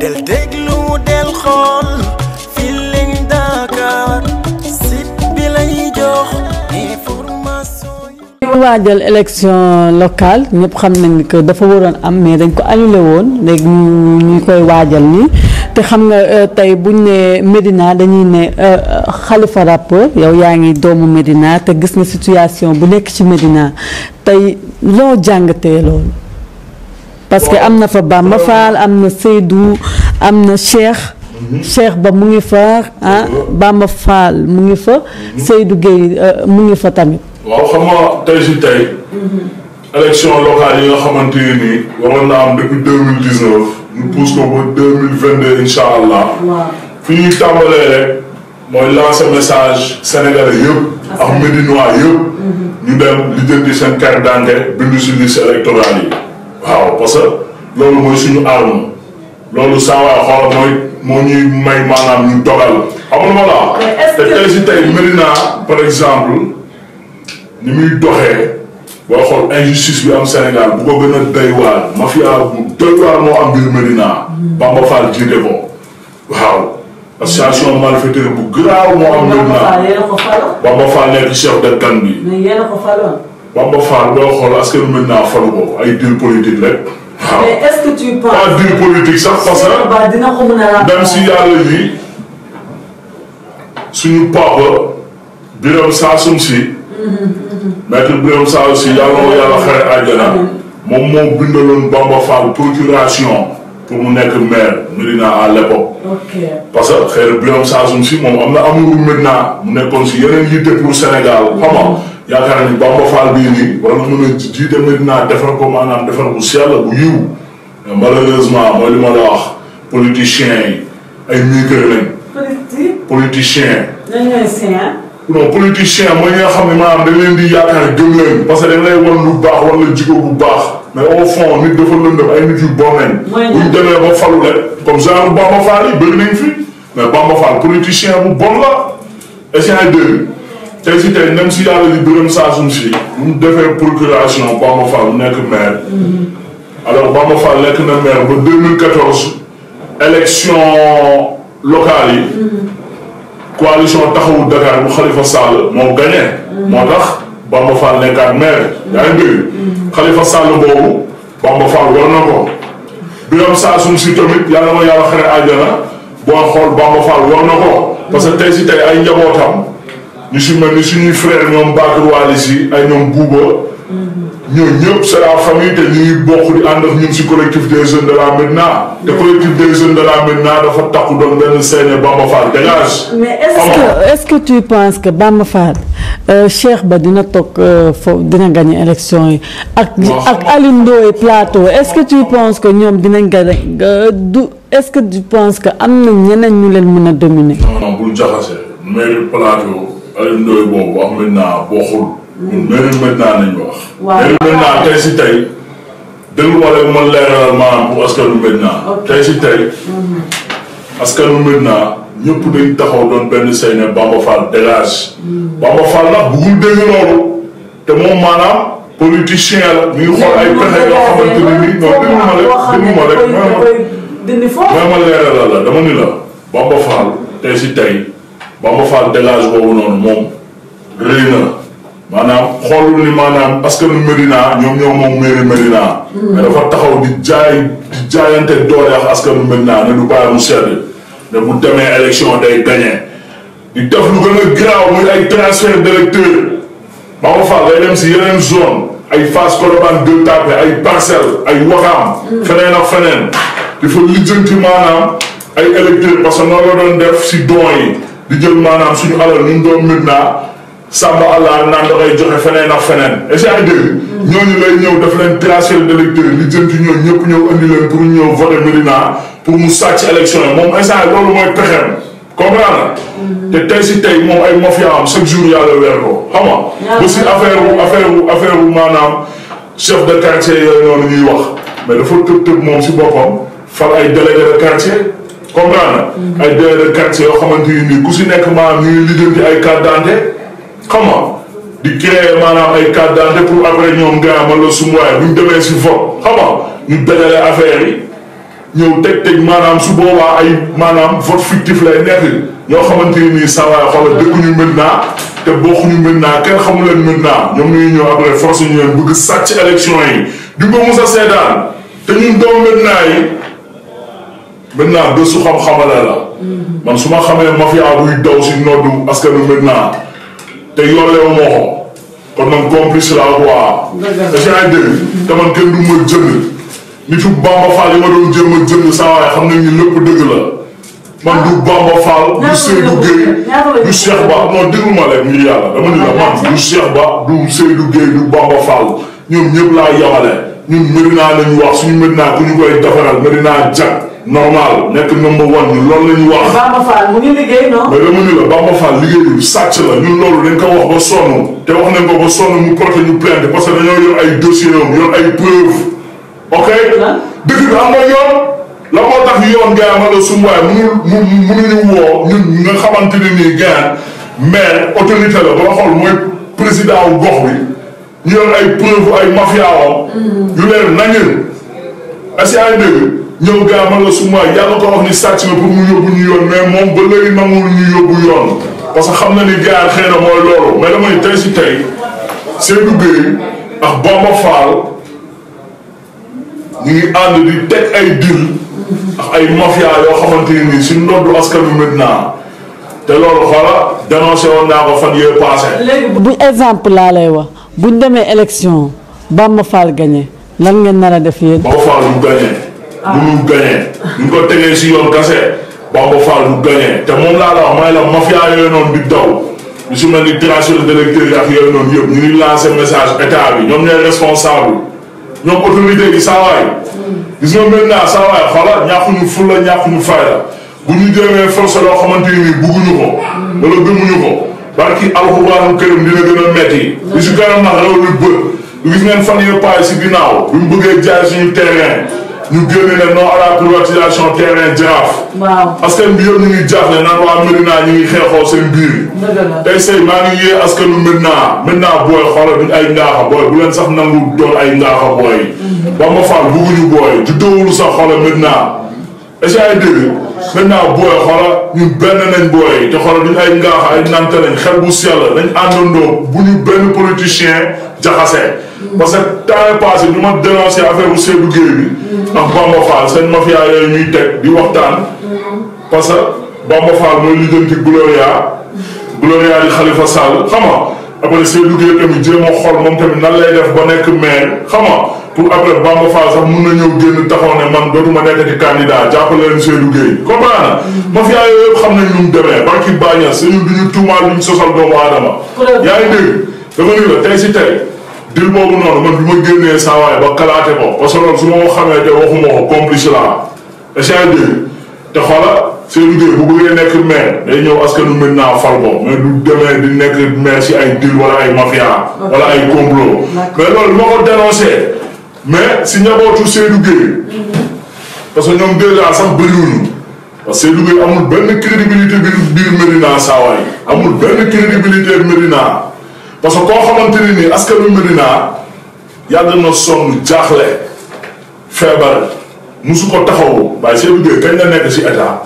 del déglu del xool Feeling Dakar site bi lay jox information yi waajal élection locale ñëpp xam nañ que dafa waroon am mais dañ ko annulé woon léegi ñu ñu koy waajal nii te xam nga euh, tey buñ ne medina dañuy ne euh, Khalifa rappeur yow yaa ngi doomu Médina te gis nga situation bu nekk ci Médina tey loo jàngatee loolu parce que am na fa Bamba Fall am na Seydou am na Cheikh. Mhm. Cheikh Ba mu ngi fa ah Bamba Fall mu ngi fa. Mhm. Seydou Gueye euh, mu ngi fa tamit. waaw xam nga tey si tey. Mhm. élection locale yi nga xamante ne nii waroon na am depuis deux mille dix neuf. ñu pousse ko ba deux mille vingt deux incha allah. fi ñuy tàmbalee rek mooy lancer message sénégalais yëpp. ak médinois yëpp. ñu dem li jëndi seen carte d'identité bindu si liste électorale yi. waaw parce que loolu mooy suñu arme loolu saa waay xoolal mooy moo ñuy may maanaam ñu dogal amul ma la. te tey si tey Medina par exemple ni muy doxee boo xool injustice bi am Sénégal bu ko gën a doy waar mafia bu doy waar moo am hmm. Bamba Fall jiite waaw. association malfaiteur bu garaaw moo am. Medina Bamba Fall Bamba Fall nekk chef de gang Bamba Fall doo xool askan wi maintenant falu ay deal politique rek. waaw mais est-ce que tu penses. pas deal politique sax parce que dina ko mën a si yàlla yi suñu papa Birame Sassoum Sy. moom moo bindaloon Bamba Fall procuration. pour mu nekk maire Médina à l'époque. parce que xëy na Birame Sassoum moom am na amuñu Médina mu nekkoon si yeneen yitte pour Sénégal xam yaakaar ni Bamba Fall bii nii war na mën a jiite Medina defar ko maanaam defar bu sell bu yiw malheureusement mooy li ma la wax politiciens yi ay migré lañ. politique politiciens. dañu lay séen. politicien mooy nga xam ne maanaam leen di yaakaar gëm leen parce que dañ lay baax wan la jikko bu baax mais au fond nit dafa lëndëm ay nit yu bon nañ. buñ demee ba falu rek comme genre Bamba Fall yi bëgg nañ fi mais Bamba Fall politicien bu bon la est-ce que tey si tey même si yàlla di gërëm saa suñ si mu defee procuration Bamba Fall nekk maire mm-hmm. alors Bamba Fall nekk na maire ba 2014 élection locale yi mm-hmm. coalition taxawu Dakar bu Khalifa Sall moo gagné mm-hmm. moo tax Bamba Fall nekkaat maire yaa yàlla ma yàlla xare àjjana boo xool Bamba Fall war na ko parce que tey si tey ay njabootam ñu si mel ni suñuy frère ñoom Bakar Waly si ay ñoom Bouba. Mhm. ñooñu ñëpp c'est la famille te ñu ngi bokk di ànd ak ñun si collectif des jeunes de la Médina. te collectif des jeunes de la Médina dafa takku doon benn seene Bamba Fall dégage. mais est-ce que est-ce que tu penses que Bamba Fall euh, Cheikh Ba dina toog euh, foofu dina gagner élection yi. ak ak Alioune Ndoye Plateau est-ce que tu penses que ñoom dinañ gagner euh, du est-ce que tu penses que am na ñeneen ñu leen mën a dominer. non non bul jaxase mairie Plateau. Alioune Ndoye boobu wax maintenant bokkul. ñun beneen maintenant nañ wax. waaw beneen maintenant tey si tey. déglu wala bu ma leeralal maanaam bu askanu maintenant. tey si tey. askanu maintenant ñëpp dañ taxaw doon benn say Bamba Fall dégage. Bamba Fall nag bëggul dégg loolu. te moom maanaam. politicien la mi xool ay pexe yoo xamante ne nii non ma rek déglu rek. dindi foofu ma leeralal la dama ni la Bamba Fall tey si tey. Bamba Fall dégage boobu noonu moom rëy maanaam xoolul ni maanaam parce que nu Médina ñoom ñoo moom mairie Médina. Hmm. dafa taxaw di jaay di jaayante doole ak askanu Médina ne du bàyyi mu sedd ne bu demee day gagné di def lu gën a garaaw muy ay transfert d'électeurs Bamba Fall day dem si yeneen zone ay Fass Colobane Gueule Tapée ay Parcelles ay Ouakam. Hmm. feneen ak feneen di fa lijjanti maanaam ay électeurs parce que noonu doon def si don di jël maanaam suñu alal ñu doon mën naa sàmm allah naan da koy joxe feneen ak feneen est ay dégg mm-hmm. ñooñu lay ñëw daf leen tracer d'électeurs li jënti ñëw ñëpp ñëw andi leen pour ñëw voter Médina pour mu sàcc élection yi moom instant loolu mooy pexeem comprendre mm-hmm. te tey si tey moom ay mafia am chaque jour weer ko xam nga si affaire wu affaire wu affaire wu maanaam chef de quartier yooyu noonu ñuy wax mais dafa tëb tëb moom si boppam fal ay délégué de quartier comprendre na mm-hmm. ay délégué quartier yoo xamante ni nii ku si nekk maanaam ñu ngi lijjanti ay carte d'identité xam nga di créer maanaam ay carte d'identité pour après ñoom gars man la suñu demee si vote xam ñu dajale affaire yi ñëw teg teg maanaam su boobaa ay maanaam vote fictif lay nekk ñoo xamante ni nii saa waay xoolal dëkkuñu maintenant te bokkuñu maintenant kenn xamu leen maintenant ñoom ñuy ñëw après force ñu leen bëgg sàcc élection yi di ko mos a seetaan te ñun doomu maintenant gëstu xam-xamale la. Mm-hmm. man su ma xamee mafia buy daw si noddu askanu maintenant te yoree wu ma kon man complice la quoi. dëgg la da te man kenn du ma jënd. nit yu Bamba Fall yi ma doon jéem a jënd saa waay xam nañ ni lépp dëgg la. man du ah. Bamba Fall du Seydou Gueye du Cheikh Ba non déglu ma leen ngir yàlla dama ni la ah, man du Cheikh Ba du Seydou Gueye du Bamba Fall ñoom ñëpp laa yamale ñun Medina la ñu wax suñu Medina ku ñu koy defaral Medina normal nekk number one ñun loolu la ñu wax. Bamba Fall mu ngi liggéey non. mais la Bamba Fall liggéeyu sàcc la wax ba sonn te wax nañ ko ba sonn mu porté ñu plainte parce que dañoo yor ay dossiers yoon yor ay preuve ok dëkk bi am la moo tax yoon gars ma la suñu waay mënu mënuñu woo ñun nga xamante ne nii gars mais autorité la ba xool mooy président wu gox bi ñu yor ay preuve ay mafia mm-hmm. yu leer nañu as yaay dégg. ñëw gaa man la su yàlla ko wax ni sàcc na pour mu yóbbu ñu yoon mais moom ba léegi nanguwul ñu yóbbu yoon parce que xam na ni gars yi xëy mooy loolu mais damay ay dil ak ay mafia yoo xamante te loolu xoola dénoncé woon naa fan yee passé. bu exemple laa lay wax buñ demee élection Bamba Fall gagné lan ngeen nar a def yéen. Bamba Fall mu gagné. mënul gagné. ñu ko tegee si yoon kase Bamba Fall du gagné te moom laa la wax may la mafia yooyu noonu di daw. ñu su mel ni direction d'électeur yi ak yooyu noonu yëpp ñu ngi lancé message état bi ñoom ñooy responsable ñoom autorité yi saawaay. gis nga maintenant saawaay xoola ñàkkuñu fulla ñàkkuñu fayda bu ñu demee force loo xamante ni bugguñu ko. wala gëmuñu ko. barki alxuraanu këram dina gën a metti. li si gën a nax réew mi bët. gis ngeen fan yëpp si ginnaaw. bi mu bëggee jaay suñu terrain. ñu génne ne non à la privatisation terrain Jaraaf. waaw askan bi yëpp ñu ngi a naan waa Medina ñu ngi xeexoo seen biir. tey say maa ngi yee askanu Medina Medina booy xoolal duñ ay ngaaxa booy bu leen sax nangu doon ay ngaaxa booy. Mhm. ba ma faal bugguñu booy ju dóowul sax xoolal Medina. est-ce que ay dégg maintenant booy xoolal ñun benn nañ booy te xoolal duñ ay ngaaxa ay nante lañ xel bu sell lañ àndandoo bu ñu benn politicien. jaxasee parce que temps est passé ñu ma dénoncé affaire u Seydou bi ak Bamba Fall seen mafia yooyu ñuy teg di waxtaan parce que Bamba Fall mooy lijjanti Gloria Gloria di Khalifa Sall xam après Seydou Guèye tamit jéem a xool moom tamit nan lay def ba nekk maire xam pour après Bamba Fall sax mun na ñëw génn taxaw ne man dootuma nekk ci candidat jàppale leen Seydou Guèye comprendre na mafia yooyu yëpp xam nañ nu mu demee barki bàñña suñu du ñu tuumaal lu dil boobu noonu man bi ma génnee saa ba kalaate ko parce que loolu su ma ko xamee te waxuma ko complice la échange te xoola seen liggéey bu bëggee nekk maire day ñëw askanu mën naa fal ko mais du demee di nekk maire si ay dil wala ay mafia wala ay complot mais loolu ma ko dénoncé mais si ñabootu Seydou Gueye mm-hmm. parce que ñoom dèjà sax bëriwuñu parce que Seydou Gueye amul benn crédibilité bi biir Médina saa amul benn crédibilité Médina parce que koo xamante ni nii askanu Medina yàgg na sonn jaaxle feebar musu ko taxawu waaye Seydou Gueye kañ la nekk si état.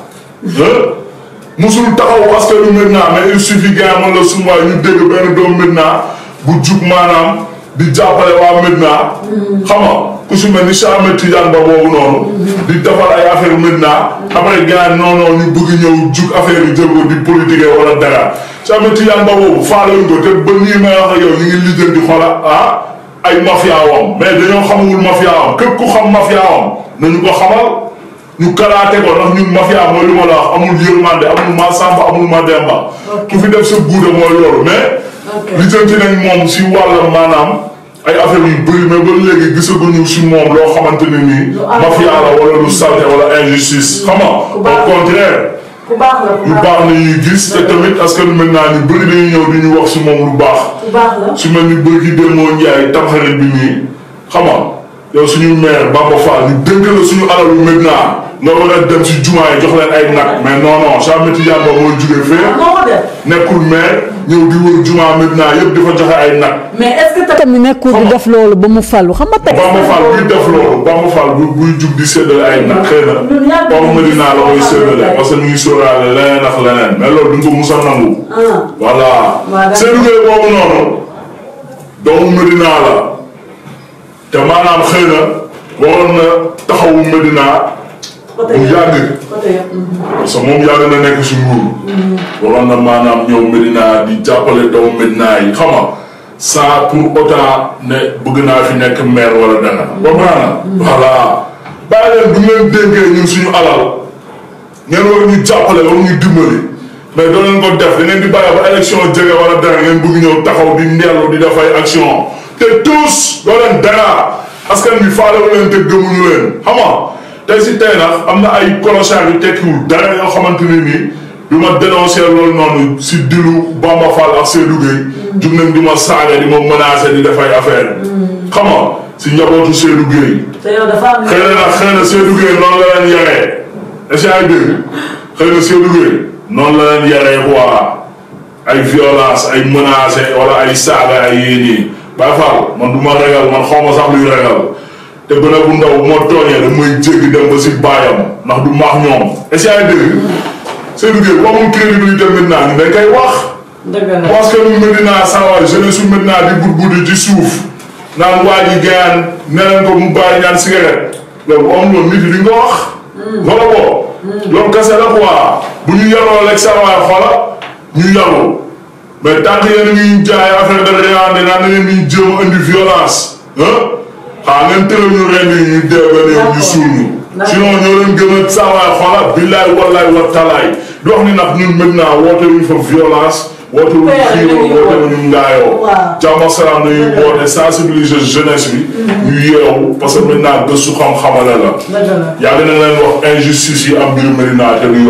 musul taxawu askanu Medina mais il suffit gars man la suma ñu dégg benn doomu Medina bu jub maanaam di jàppale waa Medina hmm. xam nga. ku si mel ni Cheikh Ahmed Tidiane ba boobu noonu. di defar ay affaire Medina. après gars yi non non ñu ñëw jug affaire yu jéego di politique wala dara Cheikh Ahmed Tidiane ba boobu faaloon ko te ba nii may ah, ah, ay mafia mais dañoo xamul mafia wam ku xam mafia wam nañu ko xamal ñu kalaate ko ndax ñun mafia mooy lu ma la wax amul yërmande amul ma Samba amul ma Demba. ku fi def sa guuda mooy loolu mais. ok nañ moom si wàllam maanaam. ay affaire yu bëri mais ba léegi gisaguñu si moom loo xamante ne nii. mafia la wala lu salte wala injustice. Mm. xam nga au contraire. ku baax la ku gis te tamit askan wi maintenant ñu bëri dañuy ñëw di ñu wax si moom lu baax. ku baax su mel ni bëri Demba Ndiaye tamxarit bi nii xam nga yow suñu maire Bamba Fall ñu dënk la suñu alalu maintenant. nga war a dem si jumaa yi jox leen ay nag mais non non Cheikh Tidiane Ba moo fee. nekkul maire ñëw di wër jumaa Medina yëpp di joxe ay nag. mais est-ce que tamit nekkul di def loolu ba mu falu xam nga. tey ba mu fal buy def loolu ba mu fal buy jug di séddale ay nag xëy na. ba Medina la koy séddale parce que ñu ngi sóoraale leneen ak leneen mais loolu duñ a nangu. Ah. voilà seen liggéey boobu noonu doomu Medina la te maanaam xëy na waroon na taxawu Medina. bu yàgg. parce que moom yàgg na nekk si nguur. waroon na maanaam ñëw Medina di jàppale doomu Medina yi xam saa pour autant ne bëgg naa fi nekk maire wala dana. comprendre nga. Mm. voilà bàyyi leen du leen dénkee ñun alal ngeen war ñu jàppale war ñu dimbali mais doo leen ko def da ngeen di bàyyi ba élection jege wala dana ngeen bëgg ñëw taxaw di ndellu di def action te tous doo leen dara askan faale wu te gëmuñu leen xam tey si tey am na ay colossal yu tekkiwul dara yoo xamante ne nii du ma dénoncé loolu noonu si dilu Bamba Fall ak Seydou Gueye jug nañ di saaga di ma menacé di def affaire xam si njabootu Seydou Gueye. te yow dafa am xëy na xëy na Seydou Gueye noonu la leen yaree est-ce ay dégg xëy na Seydou Gueye noonu la leen yaree quoi ay violence ay menacé wala ay saaga ay yéen yi Baye Fall man du ma man xaw ma luy ragal. te gone bu ndaw bu ma tooñee da may jéggi dem ba si baayam ndax du maax ñoom est-ce que yaa ngi dégg Seydou Gueye bu amul crédibilité maintenant ñu dañ koy wax. dëgg la parce que nu sawar jeunesse su Medina di budbudi ci suuf naan waa ji gayaan ne leen ko mu bàyyi ñaan cigarette loolu bu amul nit yi nga wax. wala hmm. ko. Hmm. loolu kese la quoi bu ñu yaroo rek sawaay xoola ñu yaroo mais tant que yéen a jaay affaire de réewante naan na ngeen di jéem indi violence ah. xaa ngeen tëral ñu ren yi ñu dee ba néew ñu suul ñu sinon ñoo leen gën a saawaay xoolal billaay wallaay wa talaay di wax ni nag ñun mën naa woote ñu fa violence woote wuñ xiiroo woote wuñ ngaayoo. waaw jàmm ak salaam nañuy woote sensibiliser jeunesse bi. Mhm. ñu yeewu parce que maintenant gëstu xam-xamale la. yàgg na leen wax injustice yi am biir Medina te du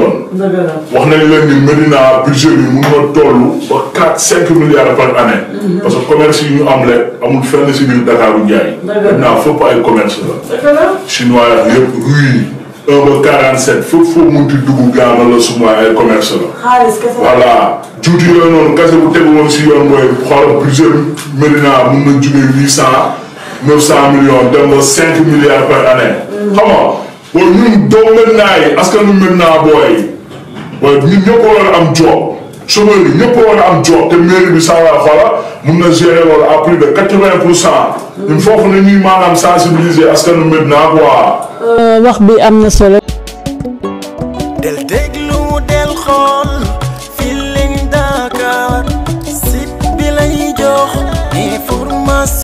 wax nañ leen Medina budget bi mun na toll ba quatre cinq milliards par année. Mhm. parce que commerce yi ñu am rek amul fenn si biir Dakar bu jaay. fëpp ay commerce la. chinois yëpp rue yi. 1 ba 47 fépp foo munti dugg gaama la suma commerce la. xaalis juuti yooyu noonu kese bu tegu woon si yoon mooy xoolal plusieurs Médina mun nañ jugee 800 900 millions dem ba 5 milliards par année. Mm. xam nga booy ñun doo Médina yi askan wi Médina booy yi ñun ñoo ko am job chômeur bi ñëpp war am job te mairie bi saa waay xoola mun na gérer loolu à plus de quatre-vingt pour cent. il faut que ñuy maanaam sensibiliser askanu Médina quoi. Euh, wax bi am na solo. del déglu del xool.